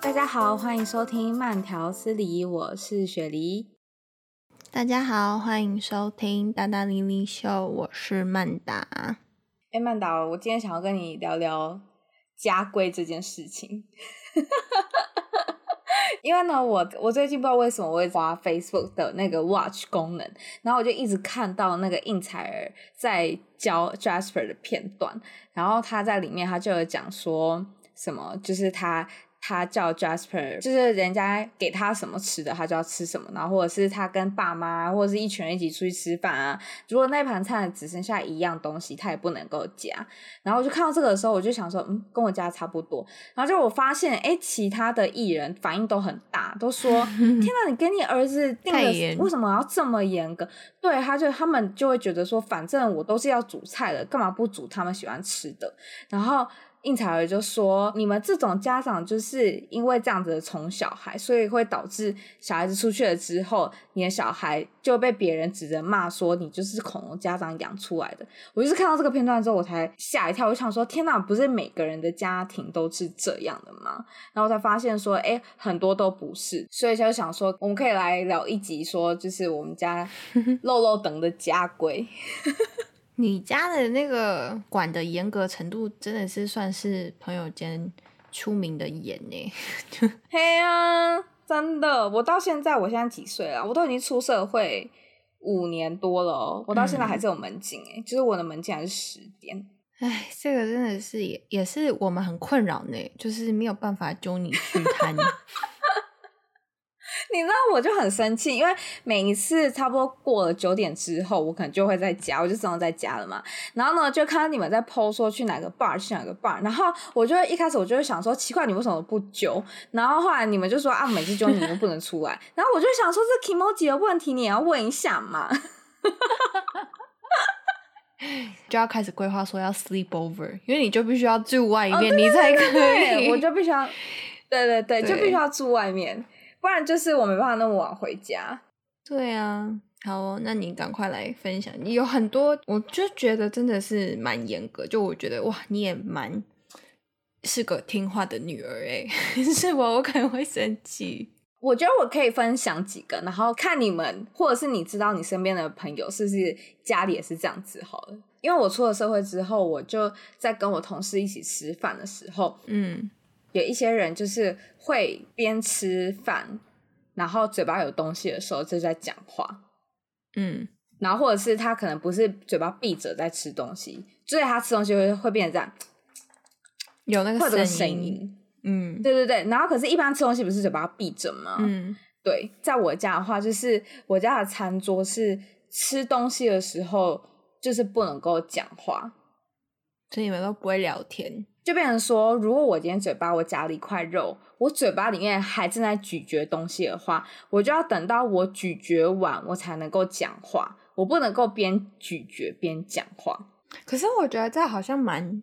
大家好，歡迎收聽慢條斯理，我是雪梨。大家好，歡迎收聽大大莉莉秀，我是曼達。哎，曼達，我今天想要跟你聊聊家規這件事情。 因為呢，我我最近不知道為什麼我會刷 Facebook 的那個 Watch 功能，然後我就一直看到那個應采兒在教 Jasper 的片段，然後他在裡面他就有講說什麼，就是他。他叫 Jasper，就是人家給他什麼吃的，他就要吃什麼，然後或者是他跟爸媽或者是一群人一起出去吃飯啊，如果那盤菜只剩下一樣東西，他也不能夠夾。然後我就看到這個的時候，我就想說，嗯，跟我家差不多。然後就我發現，欸，其他的藝人反應都很大，都說， 天哪，你跟你兒子定的，為什麼要這麼嚴格？對，他就他們就會覺得說，反正我都是要煮菜的，幹嘛不煮他們喜歡吃的？然後。應采兒就說：“你們這種家長就是因為這樣子的寵小孩，所以會導致小孩子出去了之後，你的小孩就被別人指着罵說你就是恐龍家長養出來的。”我就是看到這個片段之後，我才嚇一跳。我想說：“天哪，不是每個人的家庭都是這樣的嗎？”然後我才發現說：“哎，很多都不是。”所以就想說，我們可以來聊一集，說就是我們家肉肉等的家規。 你家的那個管的嚴格程度真的是算是朋友間出名的嚴呢。嘿呀、啊，真的，我到現在，我現在幾歲了？我都已經出社會五年多了、哦，我到現在還是有門禁哎、嗯，就是我的門禁還是十點。哎，這個真的是也也是我們很困擾呢，就是沒有辦法揪你去攤。 你知道我就很生氣，因為每一次差不多過了九點之後，我可能就會在家，我就只能在家了嘛。然後呢，就看到你們在 po 說去哪個 bar 去哪個 bar，然後我就一開始我就會想說，奇怪，你為什麼不揪？然後後來你們就說啊，每次揪你們都不能出來。 然後我就想說，這 kimo 幾的問題你也要問一下嘛。 就要開始規劃說要 sleepover，因為你就必須要住外面、哦對對對對對，你才可以，我就必須要，對對對，就必須要住外面。不然就是我沒辦法那麼晚回家。對啊，好，那你趕快來分享，你有很多，我就覺得真的是蠻嚴格。就我覺得哇，你也蠻是個聽話的女兒哎、欸， 是吧？我可能會生氣。我覺得我可以分享幾個，然後看你們，或者是你知道你身邊的朋友是不是家裡也是這樣子？好了，因為我出了社會之後，我就在跟我同事一起吃飯的時候，嗯。有一些人就是會邊吃飯，然後嘴巴有東西的時候就在講話，嗯，然後或者是他可能不是嘴巴閉着在吃東西，所以他吃東西會會變成這樣，有那個或者這個聲音，嗯，對對對。然後可是一般吃東西不是嘴巴閉着嗎？嗯，對。在我家的話，就是我家的餐桌是吃東西的時候就是不能夠講話，所以你們都不會聊天。就變成說，如果我今天嘴巴我夾了一塊肉，我嘴巴裡面還正在咀嚼東西的話，我就要等到我咀嚼完，我才能夠講話。我不能夠邊咀嚼邊講話。可是我覺得這好像蠻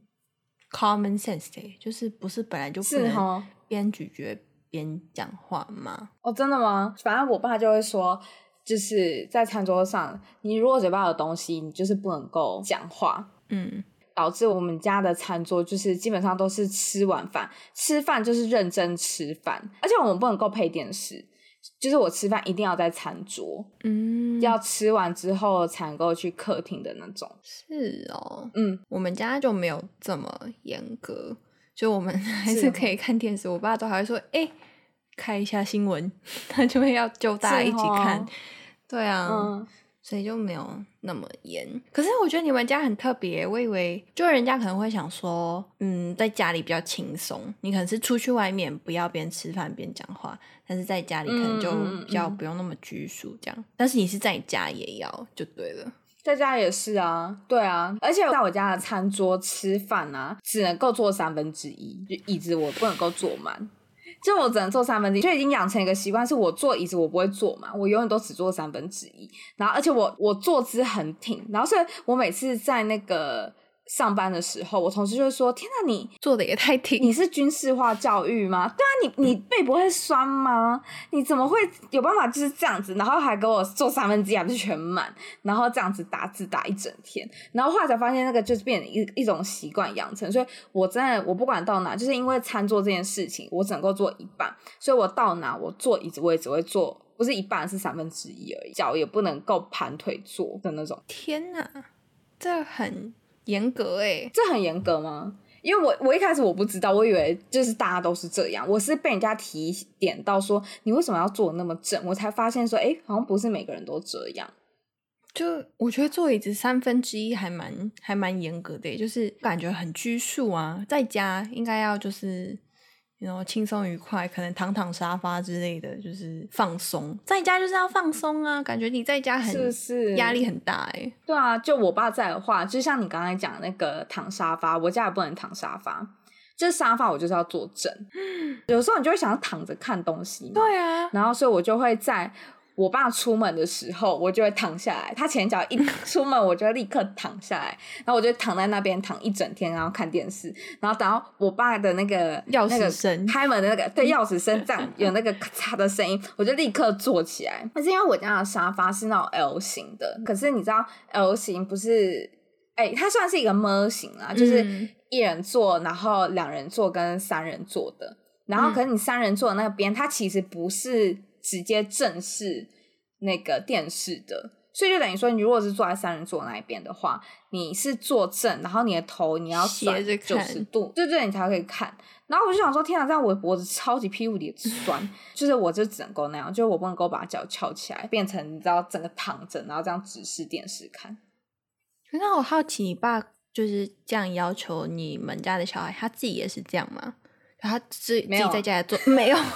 common sense 的，就是不是本來就不能邊咀嚼邊講話嗎？哦，oh, 真的嗎？反正我爸就會說，就是在餐桌上，你如果嘴巴有東西，你就是不能夠講話。嗯。導致我們家的餐桌就是基本上都是吃晚飯，吃飯就是認真吃飯，而且我們不能夠配電視，就是我吃飯一定要在餐桌，嗯，要吃完之後才能夠去客廳的那種。是哦，嗯，我們家就沒有這麼嚴格，就我們還是可以看電視。哦、我爸都還會說：“哎、欸，開一下新聞。 ”他就會要就大家一起看，哦、對啊。嗯所以就沒有那麼嚴，可是我覺得你們家很特別。我以為就人家可能會想說，嗯，在家裡比較輕鬆，你可能是出去外面不要邊吃飯邊講話，但是在家裡可能就比較不用那麼拘束這樣。嗯嗯嗯。但是你是在家也要就對了，在家也是啊，對啊，而且在我家的餐桌吃飯啊，只能夠坐三分之一，就椅子我不能夠坐滿。就我只能坐三分之一，就已經養成一個習慣，是我坐椅子我不會坐嘛，我永遠都只坐三分之一。然後，而且我我坐姿很挺，然後所以我每次在那個上班的時候，我同事就會說：“天哪，你做的也太挺！你是軍事化教育嗎？對啊，你你背不會酸嗎？嗯？你怎麼會有辦法就是這樣子？然後還給我做三分之一，還不是全滿，然後這樣子打字打一整天。然後後來才發現，那個就是變成一一種習慣養成。所以我真的，我不管到哪，就是因為餐桌這件事情，我只能夠坐一半，所以我到哪我坐椅子我也只會坐，不是一半，是三分之一而已，腳也不能夠盤腿坐的那種。天哪，這很……嚴格哎、欸，這很嚴格嗎？因為我我一開始我不知道，我以為就是大家都是這樣。我是被人家提點到說，你為什麼要做那麼正？我才發現說，哎、欸，好像不是每個人都這樣。就我覺得坐椅子三分之一還蠻還蠻嚴格的、欸，就是感覺很拘束啊。在家應該要就是。然後輕鬆愉快，可能躺躺沙發之類的就是放鬆，在家就是要放鬆啊，感覺你在家很壓力很大哎。對啊，就我爸在的話，就像你剛才講的那個躺沙發，我家也不能躺沙發，就是沙發我就是要坐正。 有時候你就會想要躺着看東西嘛，對啊，然後所以我就會在。我爸出門的時候，我就會躺下來。他前腳一出門，我就立刻躺下來， 然後我就躺在那邊躺一整天，然後看電視。然後等到我爸的那個鑰匙聲、那個、開門的那個對鑰匙聲上 有那個咔嚓的聲音，我就立刻坐起來。那是因為我家的沙發是那種 L 型的，可是你知道 L 型不是？哎、欸，它算是一個 M 型啦、嗯，就是一人坐，然後兩人坐跟三人坐的。然後可是你三人坐的那邊、嗯，它其實不是。直接正視那個電視的，所以就等於說，你如果是坐在三人座那一邊的話，你是坐正，然後你的頭你要斜着看九十度，對，對對，你才可以看。然後我就想說，天哪、啊，這樣我的脖子超級屁股底酸，就是我就只能夠那樣， 就是我不能夠把腳翹起來，變成你知道整個躺着，然後這樣直視電視看。那我好奇，你爸就是這樣要求你們家的小孩，他自己也是這樣嗎？他自己自己在家裡做沒有？沒有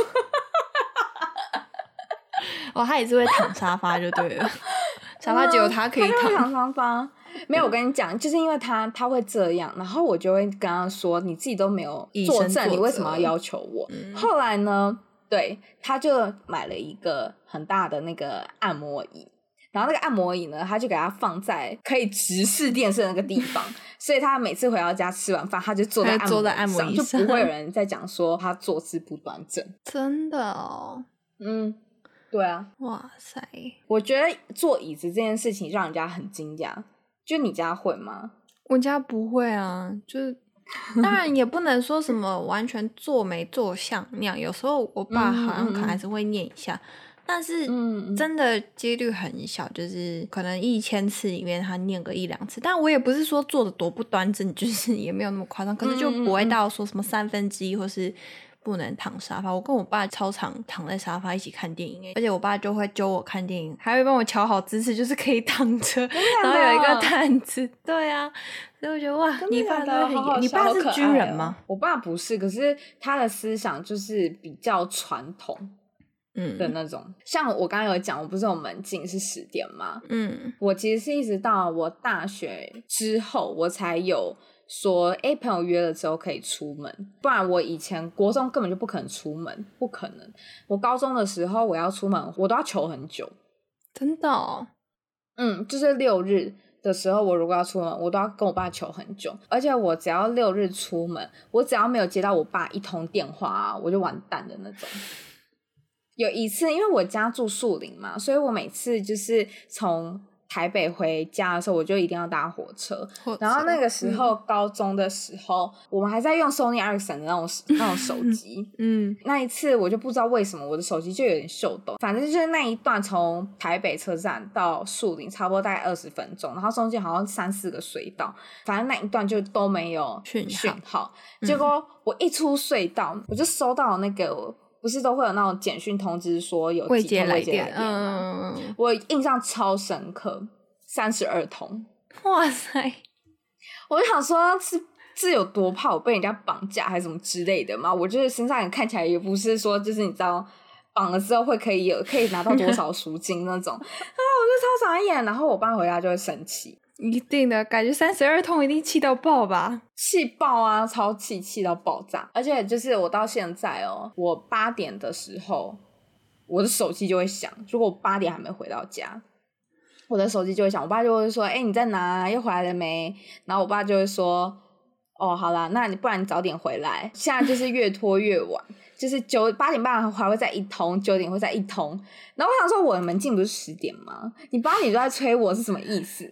哦，他也是會躺沙發就對了， 沙發只有他可以躺。沙、嗯、發沒有、嗯，我跟你講，就是因為他他會這樣，然後我就會跟他說：“你自己都沒有作證生，你為什麼要要求我、嗯？”後來呢，對，他就買了一個很大的那個按摩椅，然後那個按摩椅呢，他就給他放在可以直視電視那個地方， 所以他每次回到家吃完飯，他就坐在按摩椅上，椅上就不會有人再講說他坐姿不端正。真的哦，嗯。對啊，哇塞！我覺得坐椅子這件事情讓人家很驚訝，就你家會嗎？我家不會啊，就是 當然也不能說什麼完全坐沒坐像那樣，有時候我爸好像可能還是會念一下，嗯嗯嗯，但是真的幾率很小，就是可能一千次裡面他念個一兩次。但我也不是說做的多不端正，就是也沒有那麼誇張，可是就不會到說什麼三分之一或是。不能躺沙發，我跟我爸超常躺在沙發一起看電影，而且我爸就會揪我看電影，還會幫我調好姿勢，就是可以躺着，真的假的啊，然後有一個毯子，對啊，真的假的，所以我覺得，哇真的假的，你爸好好，你爸是軍人嗎？哦。我爸不是，可是他的思想就是比較傳統，嗯的那種。嗯、像我剛剛有講，我不是有門禁是十點嘛，嗯，我其實是一直到我大學之後，我才有。說 A、欸、朋友約了之後可以出門，不然我以前國中根本就不可能出門，不可能。我高中的時候我要出門，我都要求很久，真的哦？嗯，就是六日的時候，我如果要出門，我都要跟我爸求很久。而且我只要六日出門，我只要沒有接到我爸一通電話啊，我就完蛋的那種。有一次，因為我家住樹林嘛，所以我每次就是從。台北回家的時候，我就一定要搭火車。火車，然後那個時候、嗯、高中的時候，我們還在用 Sony Ericsson 的那種 那種手機。嗯，那一次我就不知道為什麼我的手機就有點秀逗，反正就是那一段從台北車站到樹林，差不多大概二十分鐘，然後中間好像三四個隧道，反正那一段就都沒有訊訊號，號。結果我一出隧道，嗯、我就收到那個。不是都會有那種簡訊通知說有未接來電？嗯，我印象超深刻，三十二通，哇塞！我就想說是，是是有多怕我被人家綁架還是什麼之類的嘛。我就是身上也看起來也不是說，就是你知道綁了之後會可以有可以拿到多少贖金那種 啊，我就超傻眼。然後我爸回家就會生氣。一定的感覺，三十二通一定氣到爆吧？氣爆啊，超氣，氣到爆炸！而且就是我到現在哦、喔，我八點的時候，我的手機就會響。如果我八點還沒回到家，我的手機就會響。我爸就會說：“哎、欸，你在哪？又回來了沒？”然後我爸就會說：“哦、喔，好啦，那你不然你早點回來。”現在就是越拖越晚， 就是九八點半還會再一通，九點會再一通。然後我想說，我的門禁不是十點嗎？你八點都在催我是什麼意思？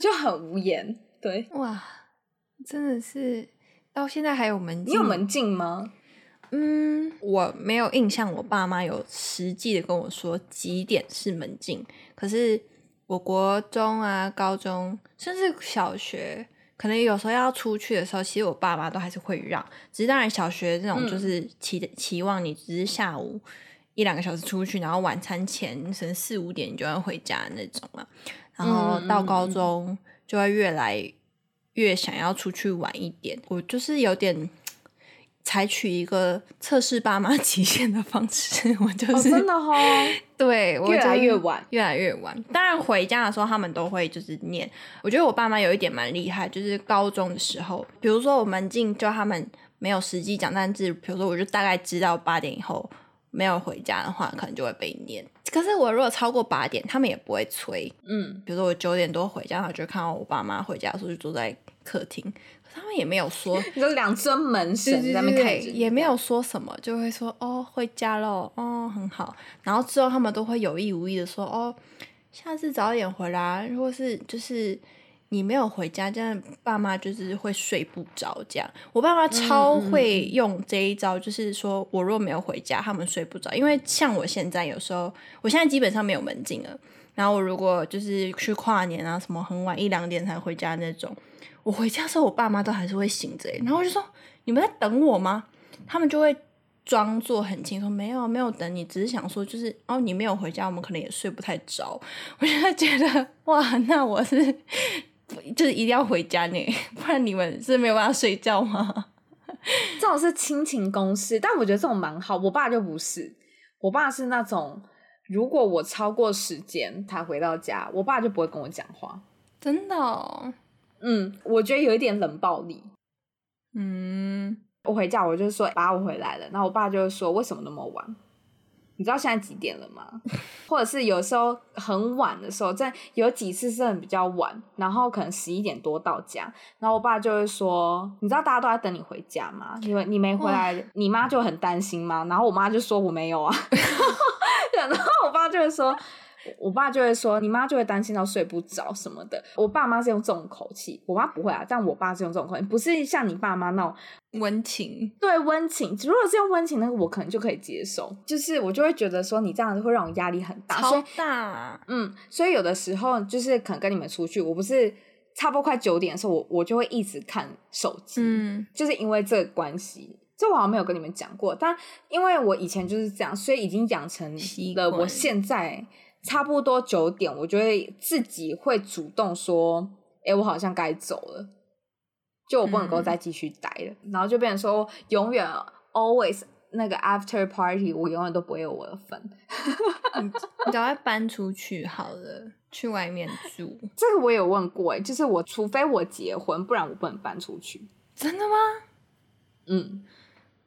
就很無言，對哇，真的是到現在還有門禁？你有門禁嗎？嗯，我沒有印象，我爸媽有實際的跟我說幾點是門禁。可是我國中啊、高中，甚至小學，可能有時候要出去的時候，其實我爸爸都還是會讓。只是當然，小學這種就是期、嗯、期望你只是下午一兩個小時出去，然後晚餐前甚至四五點你就要回家那種嘛、啊。然後到高中就會越來越想要出去玩一點，我就是有點採取一個測試爸媽極限的方式，我就是真的齁，對，越來越晚，越來越晚。當然回家的時候他們都會就是念，我覺得我爸媽有一點蠻厲害，就是高中的時候，比如說我們進就他們沒有實際講單字，比如說我就大概知道八點以後，沒有回家的話，可能就會被念。可是我如果超過八點，他們也不會催。嗯，比如說我九點多回家，然後就看到我爸媽回家的時候，就坐在客廳，他們也沒有說，就 兩尊門神在那邊看，也沒有說什麼，嗯、就會說哦回家嘍，哦很好。然後之後他們都會有意無意的說哦，下次早點回來，如果是就是。你沒有回家，這樣爸媽就是會睡不着。這樣，我爸媽超會用這一招，就是說我若沒有回家，他們睡不着。因為像我現在有時候，我現在基本上沒有門禁了。然後我如果就是去跨年啊，什麼很晚一兩點才回家那種，我回家的時候，我爸媽都還是會醒着。然後我就說：“你們在等我嗎？”他們就會裝作很輕鬆，沒有，沒有等你，只是想說，就是哦，你沒有回家，我們可能也睡不太着。”我就覺得哇，那我是。就是一定要回家呢，不然你們是沒有辦法睡覺嗎？ 這種是親情公式，但我覺得這種蠻好。我爸就不是，我爸是那種如果我超過時間才回到家，我爸就不會跟我講話。真的哦？嗯，我覺得有一點冷暴力。嗯，我回家我就說，爸，我回來了。然後我爸就說，為什麼那麼晚？你知道現在幾點了嗎？或者是有時候很晚的時候，在有幾次是很比較晚，然後可能十一點多到家，然後我爸就會說：“你知道大家都在等你回家嗎？因為你沒回來，嗯、你媽就很擔心嘛。”然後我媽就說：“我沒有啊。 ”然後我爸就會說。我爸就會說，你媽就會擔心到睡不着什麼的。我爸媽是用這種口氣，我媽不會啊，但我爸是用這種口氣，不是像你爸媽那種溫情。對，溫情。如果是用溫情，那個我可能就可以接受。就是我就會覺得說，你這樣子會讓我壓力很大。好大。嗯，所以有的時候就是可能跟你們出去，我不是差不多快九點的時候，我我就會一直看手機，嗯，就是因為這個關係，這我好像沒有跟你們講過。但因為我以前就是這樣，所以已經養成了我現在。差不多九點，我就會自己會主動說：“哎、欸，我好像該走了，就我不能夠再繼續待了。嗯”然後就變成說永遠：“永、嗯、遠，always 那個 after party，我永遠都不會有我的份。 你、你趕快搬出去好了， 去外面住。這個我有問過、欸，就是我除非我結婚，不然我不能搬出去。真的嗎？嗯。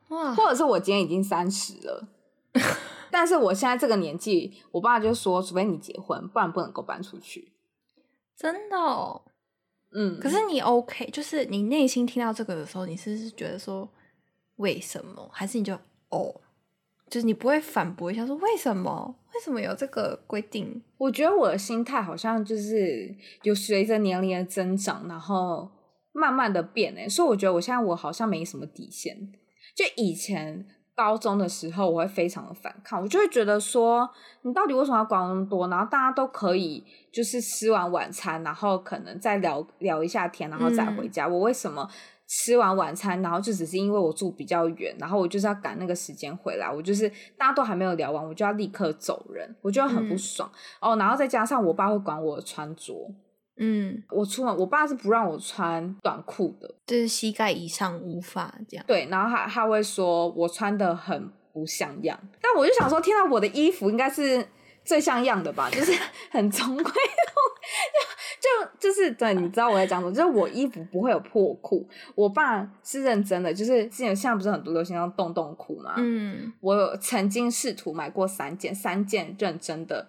哇！或者是我今天已經三十了。 但是我現在這個年紀，我爸就說，除非你結婚，不然不能夠搬出去。真的哦，嗯。可是你 OK，就是你內心聽到這個的時候，你是不是覺得說為什麼？還是你就哦，就是你不會反駁一下說為什麼？為什麼有這個規定？我覺得我的心態好像就是有隨着年齡的增長，然後慢慢的變誒。所以我覺得我現在我好像沒什麼底線，就以前。高中的時候，我會非常的反抗，我就會覺得說，你到底為什麼要管那麼多？然後大家都可以就是吃完晚餐，然後可能再聊聊一下天，然後再回家。嗯。我為什麼吃完晚餐，然後就只是因為我住比較遠，然後我就是要趕那個時間回來，我就是大家都還沒有聊完，我就要立刻走人，我就很不爽哦。嗯 oh, 然後再加上我爸會管我的穿着。嗯，我出門，我爸是不讓我穿短褲的，就是膝蓋以上無法這樣。對，然後他他會說我穿的很不像樣，但我就想說，聽到我的衣服應該是最像樣的吧，就是很正規。 就就就是，對，你知道我在講什麼？就是我衣服不會有破褲， 我爸是認真的。就是之前現在不是很多流行那種洞洞褲嘛？嗯，我曾經試圖買過三件，三件認真的。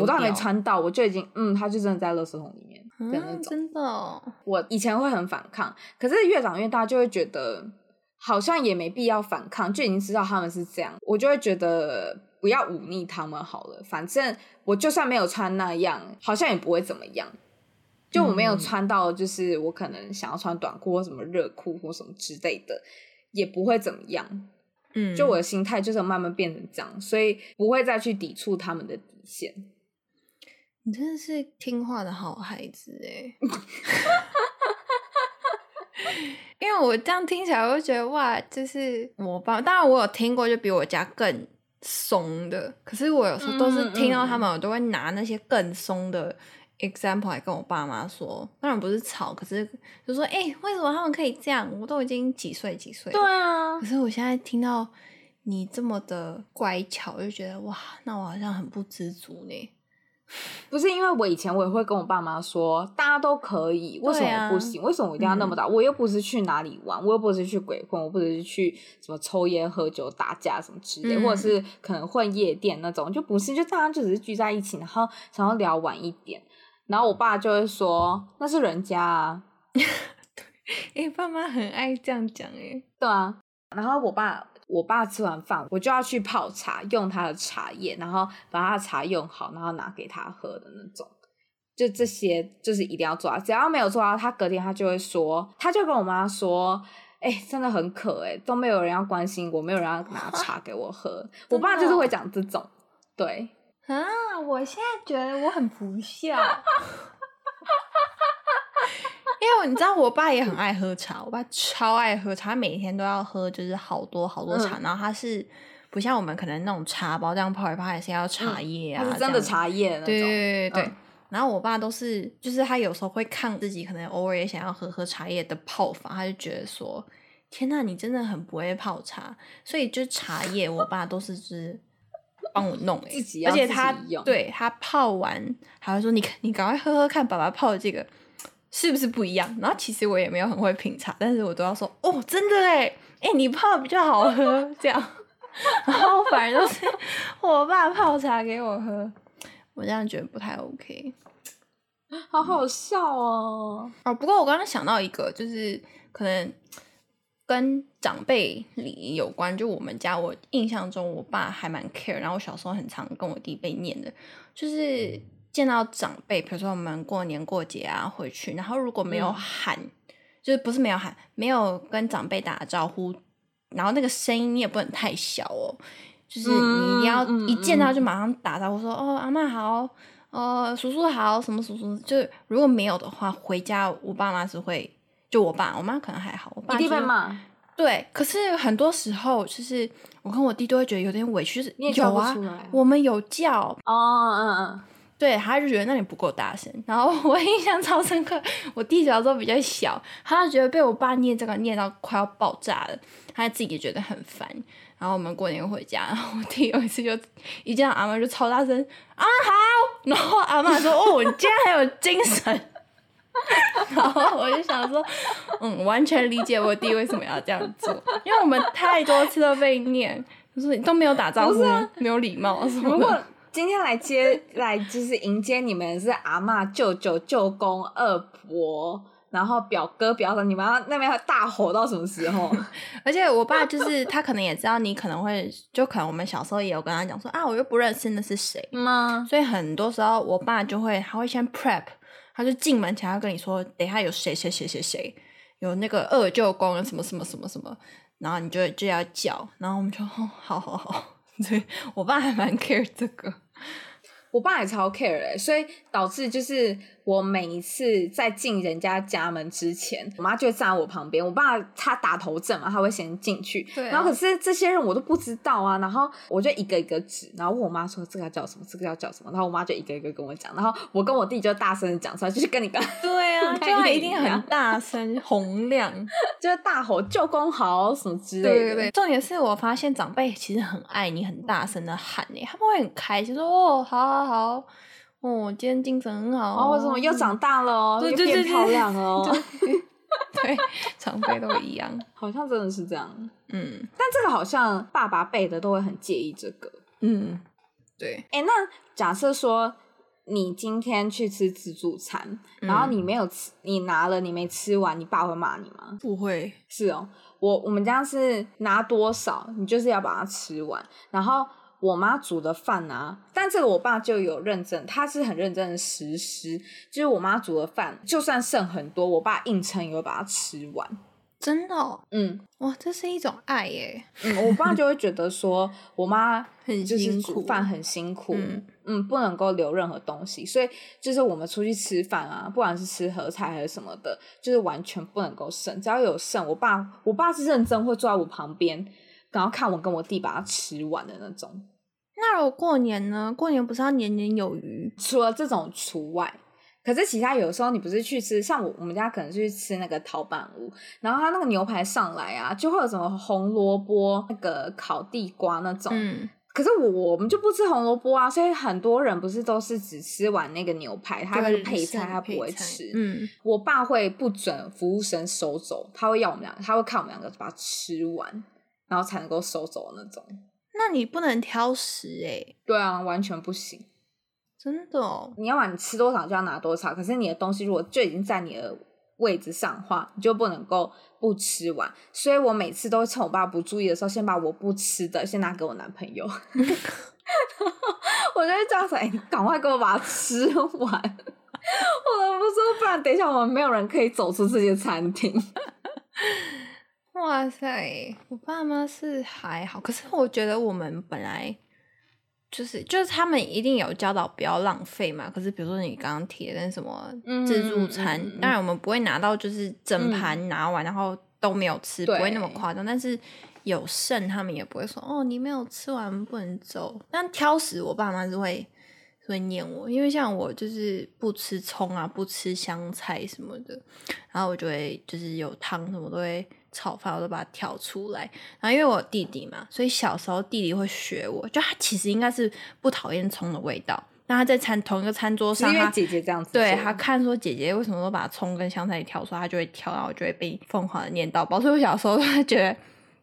我都還沒穿到，我就已經嗯，他就真的在垃圾桶裡面、嗯、真的、哦，我以前會很反抗，可是越長越大就會覺得好像也沒必要反抗，就已經知道他們是這樣，我就會覺得不要忤逆他們好了。反正我就算沒有穿那樣，好像也不會怎麼樣。就我沒有穿到，就是我可能想要穿短褲或什麼熱褲或什麼之類的，也不會怎麼樣。就我的心態就是慢慢變成這樣，嗯、所以不會再去抵觸他們的底線。你真的是聽話的好孩子哎、欸， 因為我這樣聽起來，我會覺得哇，就是我爸。當然我有聽過，就比我家更鬆的，可是我有時候都是聽到他們，我都會拿那些更鬆的。嗯嗯 example 還跟我爸媽說，當然不是吵，可是就說哎、欸，為什麼他們可以這樣？我都已經幾歲幾歲了，對啊。可是我現在聽到你這麼的乖巧，我就覺得哇，那我好像很不知足呢。不是因為我以前我也會跟我爸媽說，大家都可以，為什麼我不行，啊？為什麼我一定要那麼早，嗯？我又不是去哪裡玩，我又不是去鬼混，我不是去什麼抽煙喝酒打架什麼之類，嗯、或者是可能混夜店那種，就不是，就大家就只是聚在一起，然後想要聊晚一點。然後我爸就會說：“那是人家啊。 ”哎、欸，爸媽很愛這樣講哎。對啊。然後我爸，我爸吃完飯，我就要去泡茶，用他的茶葉，然後把他的茶用好，然後拿給他喝的那種。就這些，就是一定要做啊，只要沒有做到，他隔天他就會說，他就會跟我媽說：“哎、欸，真的很渴、欸，哎，都沒有人要關心我，沒有人要拿茶給我喝。”我爸就是會講這種，對。啊！我現在覺得我很不孝， 因為你知道，我爸也很愛喝茶。我爸超愛喝茶，他每天都要喝，就是好多好多茶，嗯。然後他是不像我們可能那種茶包這樣泡一泡，還是要茶葉啊，嗯、這樣的茶葉。茶葉那種對對對對，對，嗯。然後我爸都是，就是他有時候會看自己可能偶爾也想要喝喝茶葉的泡法，他就覺得說：“天吶，你真的很不會泡茶。”所以就茶葉，我爸都是只。 幫我弄哎、欸，而且他對他泡完還會說你：“你看，你趕快喝喝看，爸爸泡的這個是不是不一樣？”然後其實我也沒有很會品茶，但是我都要說：“哦，真的誒、欸、誒、欸、你泡比較好喝。 ”這樣，然後反正就是我爸泡茶給我喝，我這樣覺得不太 OK，好好笑哦、嗯、哦。不過我剛剛想到一個，就是可能跟。長輩禮儀有關，就我們家，我印象中，我爸還蠻 care。然後我小時候很常跟我弟被念的，就是見到長輩，比如說我們過年過節啊回去，然後如果沒有喊、嗯，就是不是沒有喊，沒有跟長輩打招呼，然後那個聲音你也不能太小哦，就是你一定要一見到就馬上打招呼說，說、嗯嗯嗯、哦阿嬤好，哦、呃、叔叔好，什麼叔叔，就如果沒有的話，回家我爸媽是會，就我爸我媽可能還好，我爸一輩嘛。對，可是很多時候，就是我跟我弟都會覺得有點委屈。是、啊、有啊，我們有叫哦，嗯、oh, 嗯、uh, uh, uh.，對，他就覺得那裡不夠大聲。然後我印象超深刻，我弟小時候比較小，他就覺得被我爸念這個念到快要爆炸了，他自己也覺得很煩。然後我們過年回家，然後我弟有一次就一見到阿嬤就超大聲啊好，ah, 然後阿嬤說 哦，你今天很有精神。 然後我就想說，嗯，完全理解我弟為什麼要這樣做，因為我們太多次都被念，就是都沒有打招呼，是啊、沒有禮貌什麼的。如果今天來接來，就是迎接你們是阿嬤、 舅舅、舅公、二伯，然後表哥、表嫂，你們要那邊大吼到什麼時候？ 而且我爸就是他可能也知道你可能會，就可能我們小時候也有跟他講說啊，我又不認識那是誰嘛、嗯啊？所以很多時候我爸就會他會先 prep。他就進門前要跟你說，等一下有誰誰誰誰誰，有那個二舅公什麼什麼什麼什麼，然後你就就要叫，然後我們就、哦、好好好，對，我爸還蠻 care 這個， 我爸也超 care 的，所以導致就是。我每一次在進人家家門之前，我媽就會站在我旁邊。我爸他打頭陣嘛，他會先進去。對、啊。然後可是這些人我都不知道啊，然後我就一個一個指，然後問我媽說，這個要叫什麼？這個要叫什麼？然後我媽就一個一個跟我講，然後我跟我弟就大聲講出來，就是跟你講對啊，啊就一定很大聲 洪亮， 就是大吼，舅公好什麼之類的。對對對。重點是我發現長輩其實很愛你，很大聲的喊你，欸。他們會很開心說哦，好好好。哦、我今天精神很好哦。哦為什麼又長大了哦？對對對，又變漂亮了哦。對，長輩 對 都一樣。好像真的是這樣。嗯。但這個好像爸爸輩的都會很介意這個。嗯，對。哎、欸，那假設說你今天去吃自助餐、嗯，然後你沒有吃，你拿了你沒吃完，你爸會罵你嗎？不會。是哦，我我們家是拿多少，你就是要把它吃完，然後。我媽煮的飯啊，但這個我爸就有認真，他是很認真的實施。就是我媽煮的飯，就算剩很多，我爸硬撐也會把它吃完。真的、哦？嗯，哇，這是一種愛耶、欸。 嗯，我爸就會覺得說我媽很辛苦，飯很辛苦，嗯，嗯，不能夠留任何東西。所以就是我們出去吃飯啊，不管是吃合菜還是什麼的，就是完全不能夠剩。只要有剩，我爸，我爸是認真會坐在我旁邊。然後看我跟我弟弟把它吃完的那種。那如果過年呢？過年不是要年年有餘，除了這種除外。可是其他有時候你不是去吃，像我，我們家可能是去吃那個陶板屋，然後他那個牛排上來啊，就會有什麼紅蘿蔔、那個烤地瓜那種。嗯。可是我，我們就不吃紅蘿蔔啊，所以很多人不是都是只吃完那個牛排，他那個配菜他不會吃。嗯。我爸會不准服務生收走，他會要我們兩個，他會看我們兩個把它吃完。然後才能夠收走那種。那你不能挑食？哎、欸。對啊，完全不行，真的、哦。你要嘛，你吃多少就要拿多少。可是你的東西如果就已經在你的位置上的話，你就不能夠不吃完。所以我每次都趁我爸不注意的時候，先把我不吃的先拿給我男朋友。 我就會這樣子，哎，你趕快給我把它吃完， 我都不說，不然等一下我們沒有人可以走出這些餐廳。 哇塞，我爸媽是還好，可是我覺得我們本來就是就是他們一定有教導不要浪費嘛。可是比如說你剛剛提的那什麼、嗯、自助餐，當然我們不會拿到就是整盤拿完然後都沒有吃，嗯、不會那麼誇張。但是有剩他們也不會說哦，你沒有吃完不能走。但挑食我，我爸媽是會是會念我，因為像我就是不吃蔥啊，不吃香菜什麼的，然後我就會就是有湯什麼都會。炒飯我都把它挑出來，然、啊、後因為我弟弟嘛，所以小時候弟弟會學我，就他其實應該是不討厭蔥的味道，但他在餐同一個餐桌上因他，因為姐姐這樣子，對他看說姐姐為什麼都把蔥跟香菜一挑出來，他就會挑，然後就會被瘋狂的念叨。所以，我小時候覺得，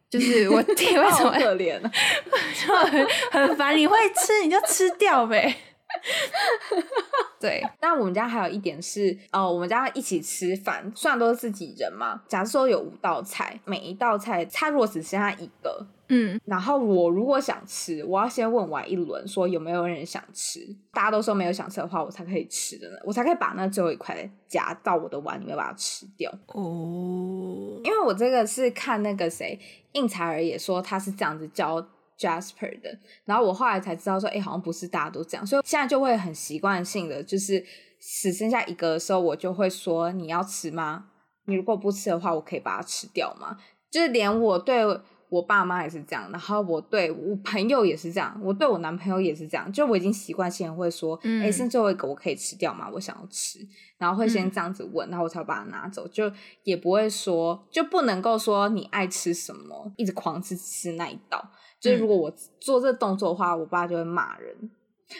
就是我弟為什麼 可憐憐呢，啊？ 很很煩，你會吃你就吃掉唄。 對，那我們家還有一點是，哦、呃，我們家一起吃飯，雖然都是自己人嘛。假如說有五道菜，每一道菜，他如果只剩下一個，嗯，然後我如果想吃，我要先問完一輪，說有沒有人想吃，大家都說沒有想吃的話，我才可以吃的呢，我才可以把那最後一塊夾到我的碗裡面把它吃掉。哦，因為我這個是看那個誰，應采兒也說他是這樣子教 Jasper 的，然後我後來才知道說，哎、欸，好像不是大家都這樣，所以現在就會很習慣性的，就是只剩下一個的時候，我就會說，你要吃嗎？你如果不吃的話，我可以把它吃掉嗎？就是連我對我爸媽也是這樣，然後我對我朋友也是這樣，我對我男朋友也是這樣，就我已經習慣性會說，哎、嗯，剩、欸、最後一個我可以吃掉嗎？我想要吃，然後會先這樣子問，嗯、然後我才會把它拿走，就也不會說，就不能夠說你愛吃什麼，一直狂吃吃那一道。所以，如果我做這個動作的話，我爸就會罵人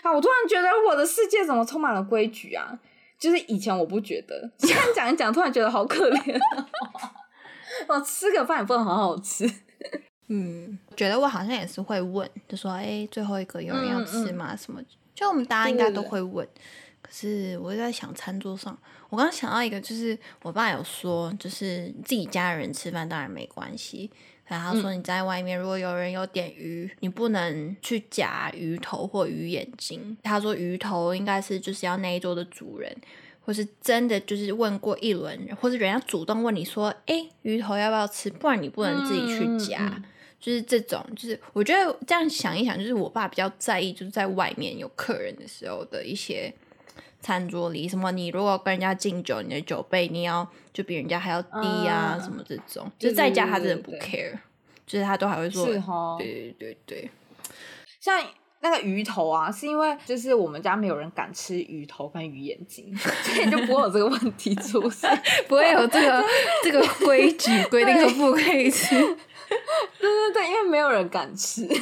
啊！我突然覺得我的世界怎麼充滿了規矩啊！就是以前我不覺得，現在講一講， 突然覺得好可憐。我、 哦、吃個飯也不能好好吃。嗯，覺得我好像也是會問，就說：“哎、欸，最後一個有人要吃嘛？嗯、什麼？就我們大家應該都會問。可是我在想，餐桌上，我剛剛想到一個，就是我爸有說，就是自己家人吃飯當然沒關係。然後他說，你在外面，如果有人有點魚、嗯，你不能去夾魚頭或魚眼睛。他說魚頭應該是就是要那一桌的主人，或是真的就是問過一輪，或是人家主動問你說：“誒，魚頭要不要吃？”不然你不能自己去夾、嗯。就是這種，就是我覺得這樣想一想，就是我爸比較在意，就是在外面有客人的時候的一些。餐桌裡什麼，你如果跟人家敬酒，你的酒杯你要就比人家還要低啊，嗯，什麼這種。就在家他真的不 care。對對對，就是他都還會做是。對對對對，像那個魚頭啊，是因為就是我們家沒有人敢吃魚頭跟魚眼睛， 所以就不會有這個問題出現， 不會有這個 這個規矩規定說不可以吃。對對 對，因為沒有人敢吃。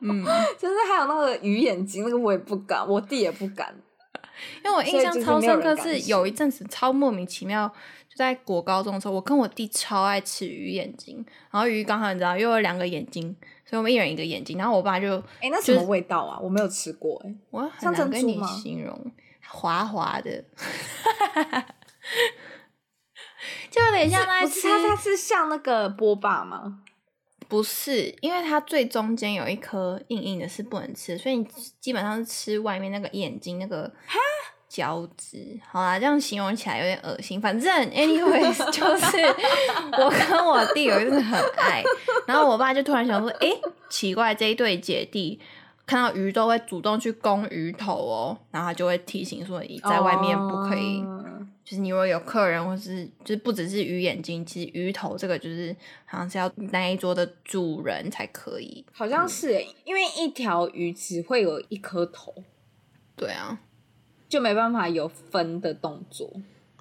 嗯，就是還有那個魚眼睛，那個我也不敢，我弟也不敢。因為我印象超深刻，是有一陣子超莫名其妙，就在國高中的時候，我跟我弟超愛吃魚眼睛，然後魚剛好你知道又有兩個眼睛，所以我們一人一個眼睛，然後我爸就，哎、就是欸，那什麼味道啊？我沒有吃過、欸，哎，我很難跟你形容，滑滑的， 就有點像那次它它是，是像那個波霸嗎？不是，因為它最中間有一顆硬硬的，是不能吃，所以你基本上是吃外面那個眼睛那個哈，膠質。好啦，這樣形容起來有點惡心。反正，anyways，就是我跟我弟有一次很愛，然後我爸就突然想說，誒、欸，奇怪，這一對姐弟。看到魚都會主動去攻魚頭哦，然後他就會提醒說，你在外面不可以，oh. 就是你如果有客人或是就是不只是魚眼睛，其實魚頭這個就是好像是要那一桌的主人才可以。好像是、嗯、因為一條魚只會有一顆頭，對啊，就沒辦法有分的動作，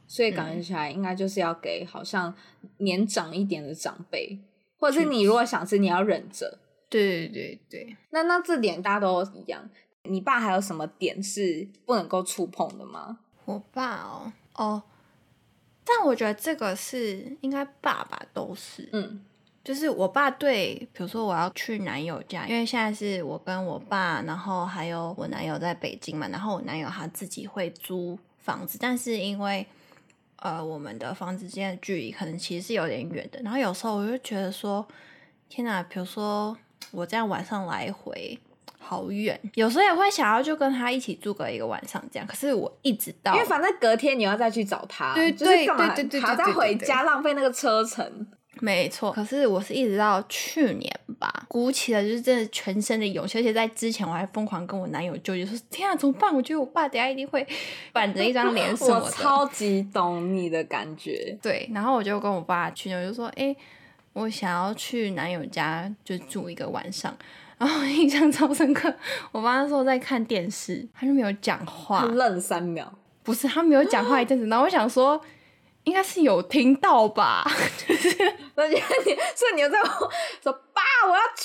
所以感覺起來應該就是要給好像年長一點的長輩，或者是你如果想吃，你要忍着。對對對，那那這點大家都一樣。你爸還有什麼點是不能夠觸碰的嗎？我爸哦哦，但我覺得這個是應該爸爸都是，嗯，就是我爸對，比如說我要去男友家，因為現在是我跟我爸，然後還有我男友在北京嘛，然後我男友他自己會租房子，但是因為呃我們的房子之間的距離可能其實是有點遠的，然後有時候我就覺得說，天哪，比如說。我這樣晚上來回好遠，有時候也會想要就跟他一起住個一個晚上這樣，可是我一直到，因為反正隔天你要再去找他，對、就是、對對對對，他再回家浪費那個車程，對對對對沒錯。可是我是一直到去年吧，鼓起了就是真的全身的勇氣，而且在之前我還瘋狂跟我男友糾結說，天啊怎麼辦？我覺得我爸等一下一定會板着一張臉什麼的 我超級懂你的感覺。對，然後我就跟我爸去，我就說，哎、欸。我想要去男友家就住一個晚上，然後印象超深刻。我媽說我在看電視，她就沒有講話，愣三秒。不是，她沒有講話一陣子，然後我想說應該是有聽到吧，就是 然後你，所以你又在說我要去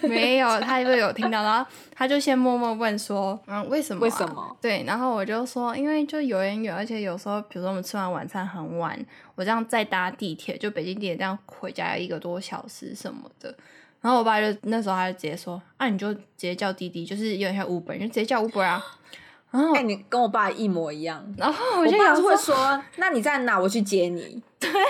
做， 沒有，他就有聽到，然後他就先默默問說，嗯，為什麼、啊？為什麼？對，然後我就說，因為就有點遠，而且有時候，比如說我們吃完晚餐很晚，我這樣再搭地鐵，就北京地鐵這樣回家一個多小時什麼的，然後我爸就那時候他就直接說，啊，你就直接叫滴滴，就是有點像 Uber，你就直接叫 Uber 啊。然後、欸，你跟我爸一模一樣。然後我，就我爸就會說， 那你在哪？我去接你。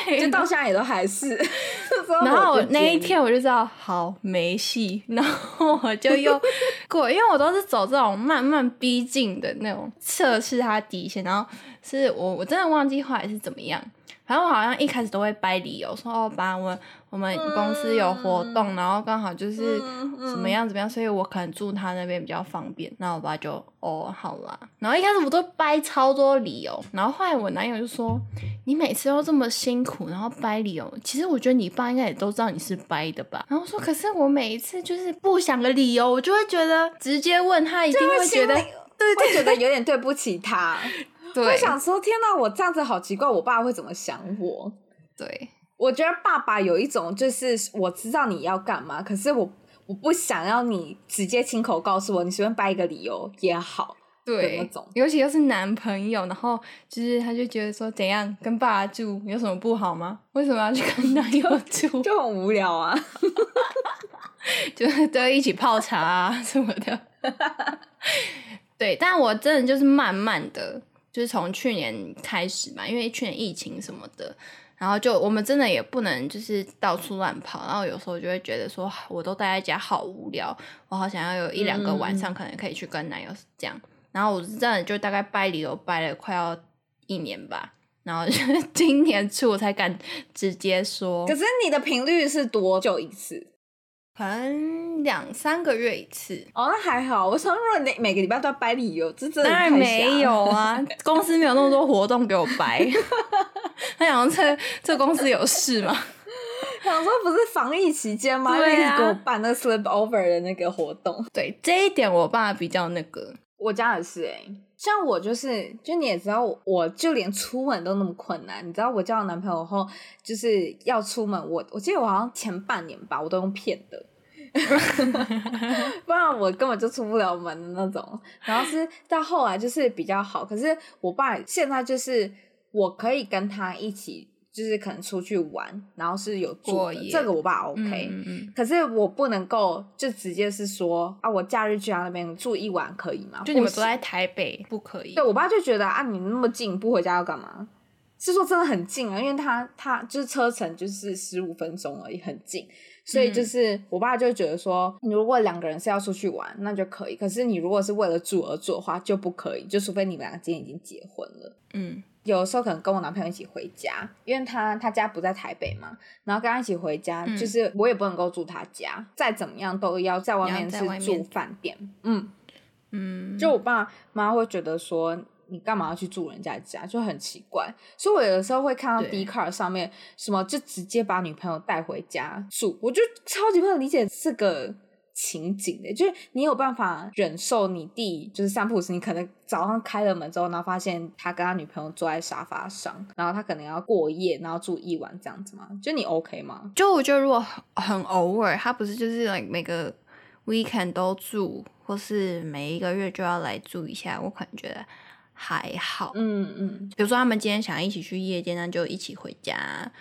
對，就到現在也都還是， 然後我那一天我就知道好， 沒戲，然後我就又過， 因為我都是走這種慢慢逼近的那種測試他底線，然後是我我真的忘記後來是怎麼樣，反正我好像一開始都會掰理由，由說我把我。我們公司有活動，嗯、然後剛好就是怎麼樣怎麼樣，所以我可能住他那邊比較方便。那我爸就哦，好啦。然後一開始我都掰超多理由，然後後來我男友就說：“你每次都這麼辛苦，然後掰理由，其實我覺得你爸應該也都知道你是掰的吧？”然後說：“可是我每一次就是不想的理由，我就會覺得直接問他一定會覺得，會對對覺得有點對不起他。 對，我想說：天哪、啊，我這樣子好奇怪，我爸會怎麼想我？對。”我覺得爸爸有一種，就是我知道你要幹嘛，可是我我不想要你直接親口告訴我，你隨便掰一個理由也好。對種，尤其又是男朋友，然後就是他就覺得說，怎樣跟爸爸住有什麼不好嗎？為什麼要去跟男友住？ 就，就很無聊啊， 就是都要一起泡茶啊什麼的。 對，但我真的就是慢慢的，就是從去年開始嘛，因為去年疫情什麼的。然後就我們真的也不能就是到處亂跑，然後有時候就會覺得說，我都待在家好無聊，我好想要有一兩個晚上可能可以去跟男友講、嗯、然後我真的就大概掰理由掰了快要一年吧，然後今年初我才敢直接說。可是你的頻率是多久一次？可能兩三個月一次。哦，那還好。我想，如果你每個禮拜都要掰理由，這真的有沒有啊， 公司沒有那麼多活動給我掰。 這公司有事嗎？想說不是防疫期間嗎？要給、啊、你給我辦那個 slip over 的那個活動。對，這一點我爸比較那個。我家也是哎、欸，像我就是，就你也知道我，我就連出門都那麼困難。你知道我交男朋友後就是要出門，我我記得我好像前半年吧，我都用騙的， 不然我根本就出不了門的那種。然後是到後來就是比較好，可是我爸現在就是。我可以跟他一起，就是可能出去玩，然後是有住的、oh yeah. 這個我爸 OK，嗯嗯嗯。可是我不能夠就直接是說啊，我假日去他那邊住一晚可以嗎？就你們都在台北，不，不可以。對我爸就覺得啊，你那麼近不回家要幹嘛？是說真的很近啊，因為他他就是車程就是十五分鐘而已，很近。所以就是我爸就覺得說，你如果兩個人是要出去玩，那就可以。可是你如果是為了住而住的話，就不可以。就除非你們兩個今天已經結婚了，嗯。有的時候可能跟我男朋友一起回家，因為他他家不在台北嘛，然後跟他一起回家，嗯、就是我也不能夠住他家，再怎麼樣都要在外面是住飯店，嗯嗯，就我爸媽會覺得說你幹嘛要去住人家家，就很奇怪。所以，我有的時候會看到 Dcard 上面什麼就直接把女朋友帶回家住，我就超級不能理解這個。情景的，就是你有辦法忍受你弟就是像 surprise，你可能早上開了門之後，然後發現他跟他女朋友坐在沙發上，然後他可能要過夜，然後住一晚這樣子嘛，就你 OK 嗎？就我覺得如果很偶爾，他不是就是 like 每個 weekend 都住，或是每一個月就要來住一下，我可能覺得。還好，嗯嗯，比如說他們今天想一起去夜店，那就一起回家，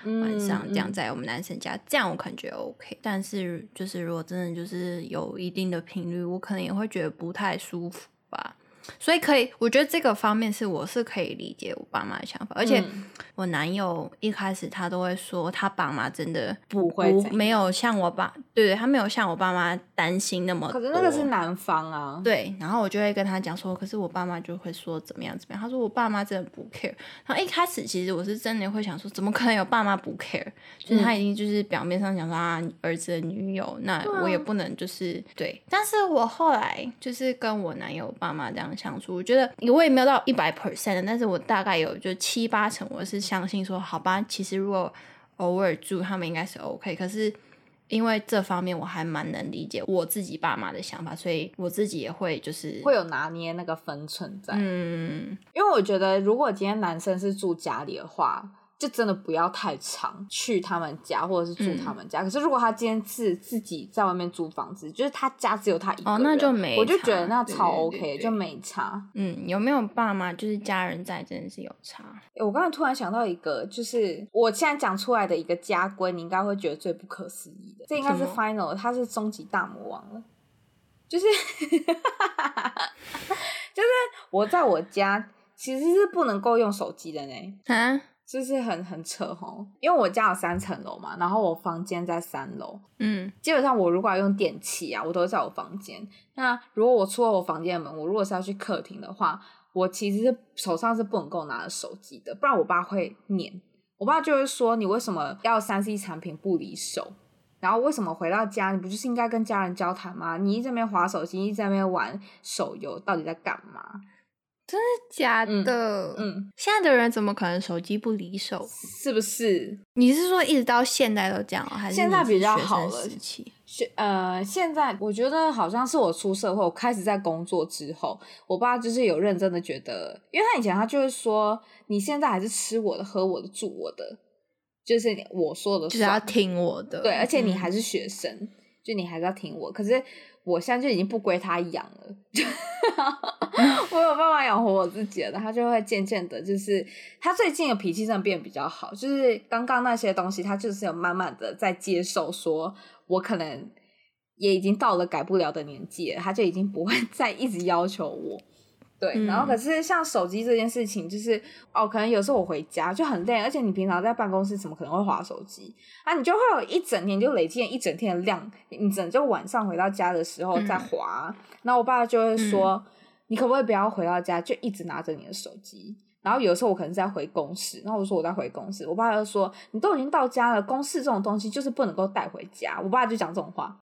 晚上這樣在我們男生家，嗯嗯、這樣我感覺 OK。但是就是如果真的就是有一定的頻率，我可能也會覺得不太舒服吧。所以可以，我覺得這個方面是我是可以理解我爸媽的想法，嗯，而且我男友一開始他都會說他爸媽真的不，不會沒有像我爸，對，他沒有像我爸媽擔心那麼。可是那個是男方啊。對，然後我就會跟他講說，可是我爸媽就會說怎麼樣怎麼樣。他說我爸媽真的不 care。然後一開始其實我是真的會想說，怎麼可能有爸媽不 care？就是他已經就是表面上講說，嗯，啊，兒子的女友，那我也不能就是對、啊、對。但是我後來就是跟我男友爸媽這樣。相處，我覺得我也沒有到一百 percent，但是，我大概有就七八成，我是相信說，好吧，其實如果偶爾住，他們應該是 OK。可是因為這方面，我還蠻能理解我自己爸媽的想法，所以我自己也會就是會有拿捏那個分寸在。嗯，因為我覺得如果今天男生是住家裡的話。就真的不要太常，去他們家或者是住他們家。嗯、可是如果他今天是自己在外面租房子，就是他家只有他一個人，哦那就沒。我就覺得那超 OK，對對對就沒差。嗯，有沒有爸媽就是家人在，真的是有差。欸、我剛才突然想到一個，就是我現在講出來的一個家規，你應該會覺得最不可思議的，這應該是 final，他是終極大魔王了。就是， 就是我在我家其實是不能夠用手機的呢。啊。就是很很扯吼，因為我家有三層樓嘛，然後我房間在三樓，嗯，基本上我如果要用電器啊，我都會在我房間。那如果我出了我房間的門，我如果是要去客廳的話，我其實手上是不能夠拿着手機的，不然我爸會念。我爸就會說，你為什麼要 3C 產品不離手，然後為什麼回到家你不就是應該跟家人交談嗎？你一直在那邊滑手機，一直在那邊玩手遊，到底在幹嘛？真的假的？嗯？嗯，現在的人怎麼可能手機不離手？是不是？你是說一直到現在都這樣，還是，是現在比較好了？是。呃，現在我覺得好像是我出社會，我開始在工作之後，我爸就是有認真的覺得，因為他以前他就是說，你現在還是吃我的、喝我的、住我的，就是我說的是，就是要聽我的。對，而且你還是學生，嗯、就你還是要聽我。可是。我現在就已經不歸他養了。 我有辦法養活我自己了。他就會漸漸的，就是他最近的脾氣真的變得比較好，就是剛剛那些東西，他就是有慢慢的在接受。說我可能也已經到了改不了的年紀，他就已經不會再一直要求我。對、嗯，然後可是像手機這件事情，就是哦，可能有時候我回家就很累，而且你平常在辦公室怎麼可能會滑手機？啊，你就會有一整天就累積一整天的量，你整就晚上回到家的時候再滑。嗯、然後我爸就會說、嗯，你可不可以不要回到家就一直拿着你的手機？然後有時候我可能是在回公司，然後我就說我在回公司，我爸就說，你都已經到家了，公司這種東西就是不能夠帶回家。我爸就講這種話。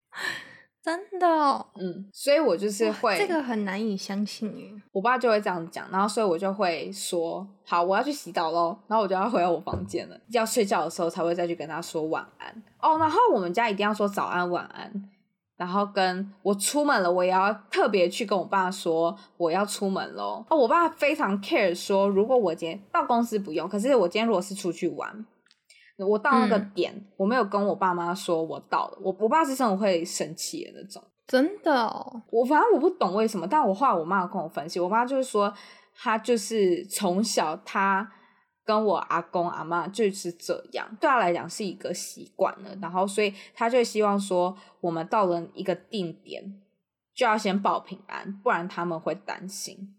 真的哦，嗯，所以我就是會這個很難以相信。我爸就會這樣講，然後所以我就會說，好，我要去洗澡嘍，然後我就要回到我房間了，要睡覺的時候才會再去跟他說晚安哦。Oh, 然後我們家一定要說早安、晚安，然後跟我出門了，我也要特別去跟我爸說我要出門嘍。哦、oh, 我爸非常 care，說如果我今天到公司不用，可是我今天如果是出去玩。我到那個點，嗯，我沒有跟我爸媽說我到了。我我爸是會生氣的那種，真的，哦。我反正我不懂為什麼，但我後來我媽跟我分析，我媽就是說，她就是從小她跟我阿公阿媽就是這樣，對她來講是一個習慣了。然後所以她就希望說，我們到了一個定點就要先報平安，不然他們會擔心。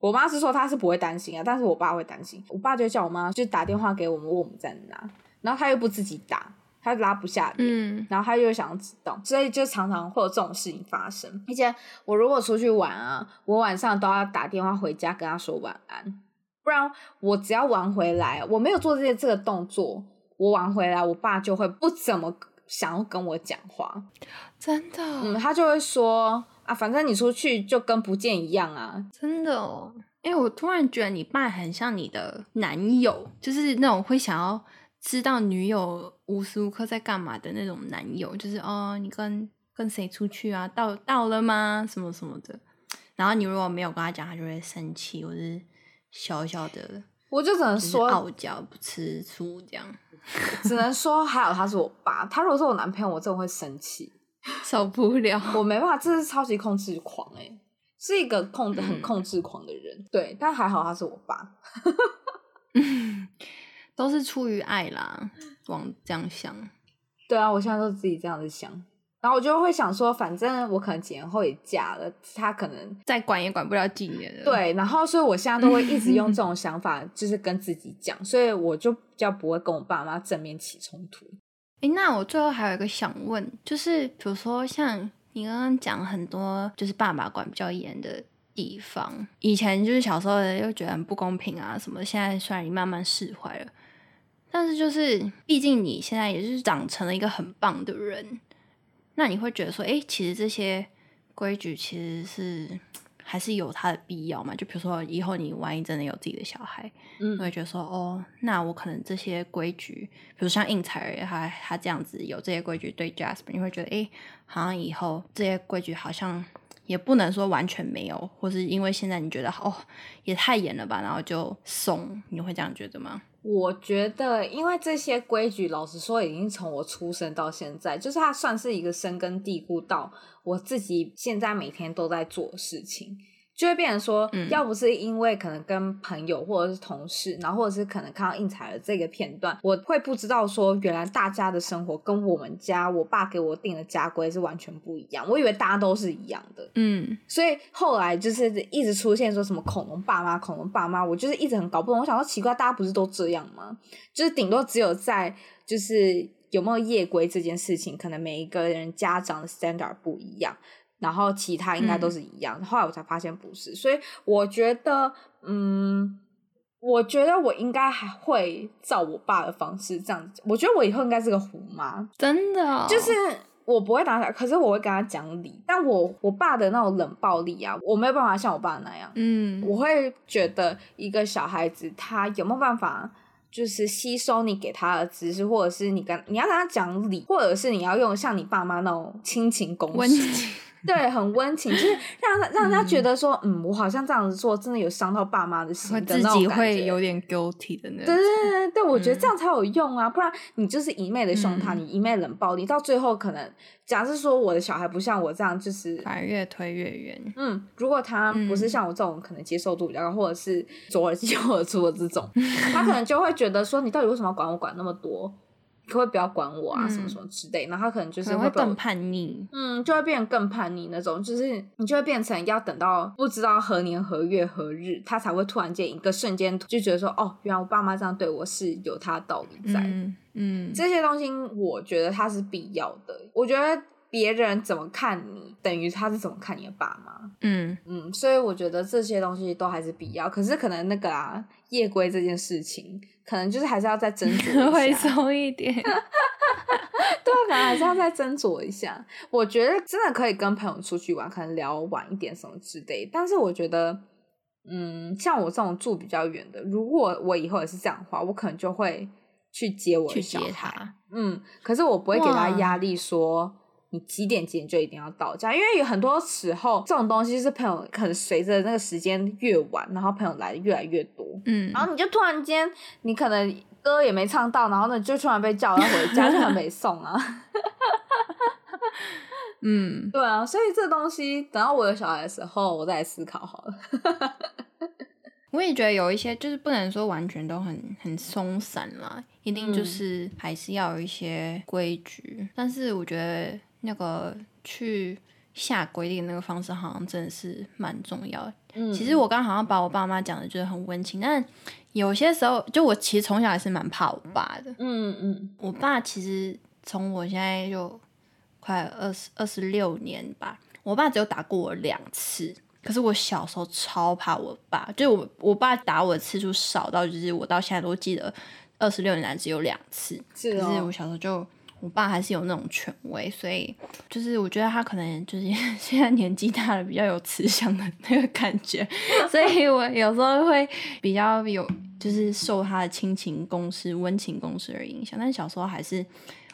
我媽是說她是不會擔心啊，但是我爸會擔心。我爸就叫我媽就打電話給我們，我問我們在哪。然後他又不自己打，他拉不下臉，嗯、然後他又想要自動，所以就常常會有這種事情發生。而且我如果出去玩啊，我晚上都要打電話回家跟他說晚安，不然我只要玩回來，我沒有做這些這個動作，我玩回來，我爸就會不怎麼想要跟我講話，真的。嗯，他就會說啊，反正你出去就跟不見一樣啊，真的哦。因、欸、為我突然覺得你爸很像你的男友，就是那種會想要。知道女友無時無刻在幹嘛的那種男友，就是哦，你跟跟誰出去啊？到到了嗎？什麼什麼的。然後你如果沒有跟他講，他就會生氣。我是小小的，我就只能說、就是、傲嬌不吃醋這樣。只能說還好他是我爸。他如果是我男朋友，我真的會生氣，受不了。 我沒辦法，這是超級控制狂誒、欸、是一個控制很控制狂的人、嗯。對，但還好他是我爸。 嗯。都是出於愛啦，往這樣想。對啊，我現在都自己這樣子想，然後我就會想說，反正我可能幾年後也嫁了，他可能再管也管不了幾年了。對，然後所以我現在都會一直用這種想法，就是跟自己講， 所以我就比較不會跟我爸媽正面起衝突。哎、欸，那我最後還有一個想問，就是比如說像你剛剛講很多，就是爸爸管比較嚴的地方，以前就是小時候又覺得很不公平啊什麼，現在雖然你慢慢釋懷了。但是就是，畢竟你現在也是長成了一個很棒的人，那你會覺得說，哎，其實這些規矩其實是還是有它的必要嘛？就比如說，以後你萬一真的有自己的小孩，嗯，你會覺得說，哦，那我可能這些規矩，比如像應采兒她她這樣子有這些規矩對 Jasper，你會覺得，哎，好像以後這些規矩好像。也不能說完全沒有，或是因為現在你覺得哦，也太嚴了吧，然後就鬆，你會這樣覺得嗎？我覺得，因為這些規矩，老實說，已經從我出生到現在，就是它算是一個深根蒂固到我自己現在每天都在做事情。就會變成說，嗯，要不是因為可能跟朋友或者是同事，然後或者是可能看到應采兒這個片段，我會不知道說，原來大家的生活跟我們家我爸給我定的家規是完全不一樣。我以為大家都是一樣的，嗯。所以後來就是一直出現說什麼恐龍爸媽、恐龍爸媽，我就是一直很搞不懂。我想說，奇怪，大家不是都這樣嗎？就是頂多只有在就是有沒有夜歸這件事情，可能每一個人家長的 standard 不一樣。然後其他應該都是一樣、嗯，後來我才發現不是，所以我覺得，嗯，我覺得我應該還會照我爸的方式這樣子。我覺得我以後應該是個虎媽，真的、哦，就是我不會打他，可是我會跟他講理。但我我爸的那種冷暴力啊，我沒有辦法像我爸那樣。嗯，我會覺得一個小孩子他有沒有辦法，就是吸收你給他的知識，或者是你跟你要跟他講理，或者是你要用像你爸媽那種親情攻勢。 對，很溫情，就是讓讓讓他覺得說嗯，嗯，我好像這樣子做，真的有傷到爸媽的心的感覺，自己會有點 guilty 的那種。對對對對、嗯、對，我覺得這樣才有用啊，不然你就是一昧的凶他，嗯，你一昧冷暴力，到最後可能，假設說我的小孩不像我這樣，就是反而越推越遠。嗯，如果他不是像我這種可能接受度比較高，嗯，或者是左耳進右耳出的這種，他可能就會覺得說， 你到底為什麼要管我管那麼多？會不要管我啊，什麼什麼之類。嗯、然後他可能就是會，可能會更叛逆，嗯，就會變更叛逆那種，就是你就會變成要等到不知道何年何月何日，他才會突然間一個瞬間就覺得說，哦，原來我爸媽這樣對我是有他的道理在的。嗯，嗯，這些東西我覺得他是必要的，我覺得別人怎麼看你，等於他是怎麼看你的爸媽，嗯嗯，所以我覺得這些東西都還是必要，可是可能那個啊，夜歸這件事情。可能就是還是要再斟酌一下，會鬆一點。 對吧，可 能還是要再斟酌一下。我覺得真的可以跟朋友出去玩，可能聊晚一點什麼之類。但是我覺得，嗯，像我這種住比較遠的，如果我以後也是這樣的話，我可能就會去接我，去接他。嗯，可是我不會給他壓力說。你幾點幾點就一定要到家，因為有很多時候這種東西是朋友可能隨着那個時間越晚，然後朋友來的越來越多，嗯，然後你就突然間你可能歌也沒唱到，然後呢就突然被叫了回家， 就還沒送啊。嗯，對啊，所以這東西等到我有小孩的時候，我再來思考好了。 我也覺得有一些就是不能說完全都很很鬆散啦，一定就是還是要有一些規矩，但是我覺得。那個去下規定那個方式，好像真的是蠻重要的。嗯，其實我剛剛好像把我爸媽講的覺得很溫情，但有些時候，就我其實從小還是蠻怕我爸的。嗯嗯，我爸其實從我現在就快二十二十六年吧，我爸只有打過我兩次。可是我小時候超怕我爸，就我我爸打我的次數少到，就是我到現在都記得二十六年來只有兩次。是哦。可是我小時候就。我爸還是有那種權威，所以就是我覺得他可能就是現在年紀大了，比較有慈祥的那個感覺，所以我有時候會比較有就是受他的親情公司溫情公司而影響。但小時候還是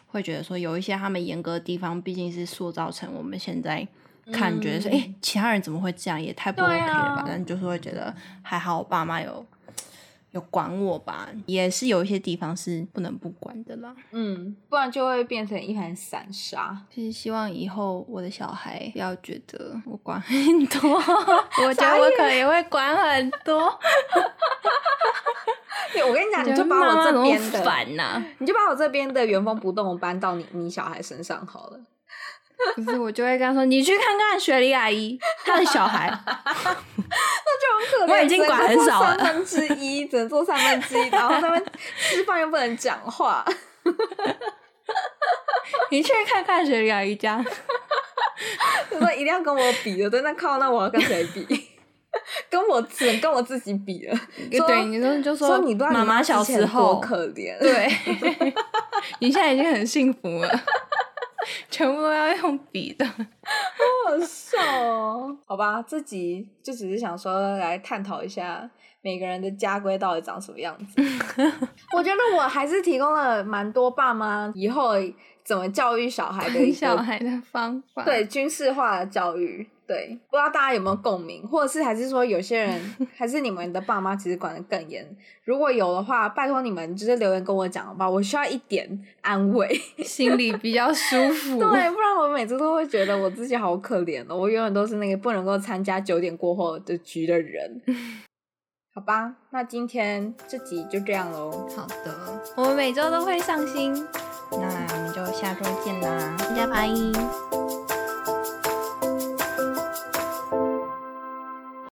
會覺得說有一些他們嚴格的地方，畢竟是塑造成我們現在感覺是哎、嗯欸，其他人怎麼會這樣，也太不 OK 了吧？啊、但就是會覺得還好，我爸媽有。有管我吧，也是有一些地方是不能不管的啦。嗯，不然就會變成一盤散沙。就是希望以後我的小孩不要覺得我管很多， 我覺得我可能也會管很多。 我跟你講，你就把我這邊的煩吶，你就把我這邊的原封不動搬到你你小孩身上好了。 可是，我就會跟他說，你去看看雪莉阿姨，她的小孩。 我已經管很少了，三分之一，只能坐三分之一， 然後他們吃飯又不能講話。 你去看看誰家一家，他 說一定要跟我比的，在那靠，那我要跟誰比？ 跟我只能跟我自己比了。對你說，就說你媽媽小時候可憐，對， 你現在已經很幸福了。全部都要用筆的，好好笑哦，oh, so.。好吧，這集就只是想說來探討一下每個人的家規到底長什麼樣子。 我覺得我還是提供了蠻多爸媽以後怎麼教育小孩的 小孩的方法，對軍事化的教育。對，不知道大家有沒有共鳴，或者是還是說有些人， 還是你們的爸媽其實管得更嚴。如果有的話，拜託你們就是留言跟我講吧，我需要一點安慰，心裡比較舒服。 對，不然我每次都會覺得我自己好可憐哦，我永遠都是那個不能夠參加九點過後的局的人。 好吧，那今天這集就這樣嘍。好的，我們每周都會上新，那我們就下周見啦，大家拜。